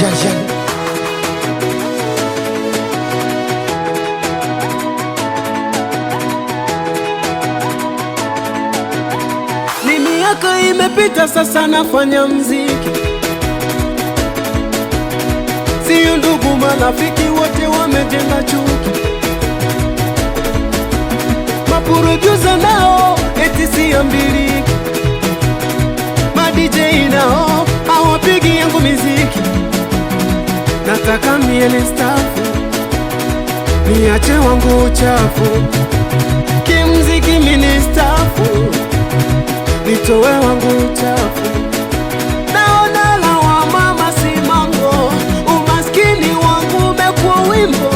Ni miaka imepita sasa nafanya mziki, siyo ndugu, marafiki wote wamejenga chuki, mapurojuza nao eti siambiliki, madije nao nataka mie stafu, niache wangu uchafu, kimziki mini stafu, nitowe wangu uchafu. Naona wa mama si mango umaskini wangu umekuwa wimbo,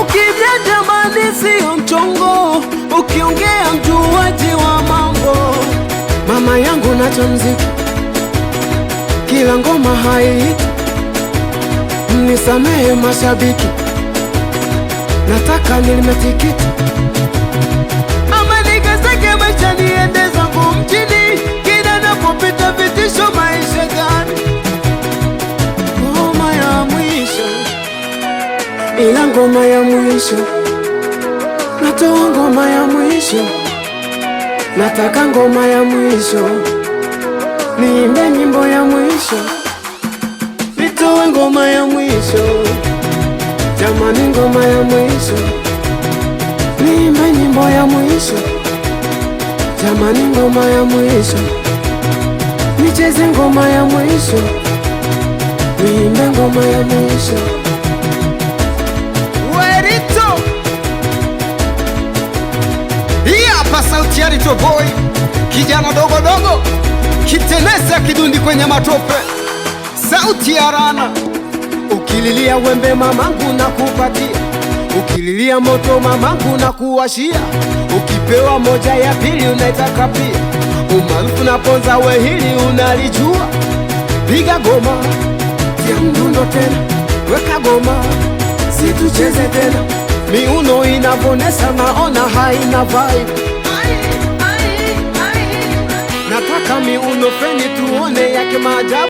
ukija jamani siyo mchongo, ukiongea mjuaji wa mambo. Mama yangu nacho mziki, kila ngoma hai nisamehe mashabiki, nataka nilime ama Amani kazake maisha niende zangu mjini, kila napopita vitisho maisha gani, ngoma ya mwisho, ila ngoma ya mwisho, natoa ngoma ya mwisho, nataka ngoma ya mwisho, niimbe nyimbo ya mwisho wewe ngoma ya mwisho, jamani, ngoma ya mwisho, niimbe nyimbo ya mwisho, jamani, ngoma ya mwisho, nicheze ngoma ya mwisho, niimbe ngoma ya mwisho. Sauti ya Rito Boy kijana dogodogo, kitenesa kidundi kwenye matope sauti ya rana. Ukililia wembe mamangu na kupatia, ukililia moto mamangu na kuwashia, ukipewa moja ya pili unaitaka pia, umaarufu na ponza wehili unalijua. Piga goma tia mdundo tena, weka goma situcheze tena, miuno inavonesa, naona haina vibe nataka miuno feni tuone yake maajabu.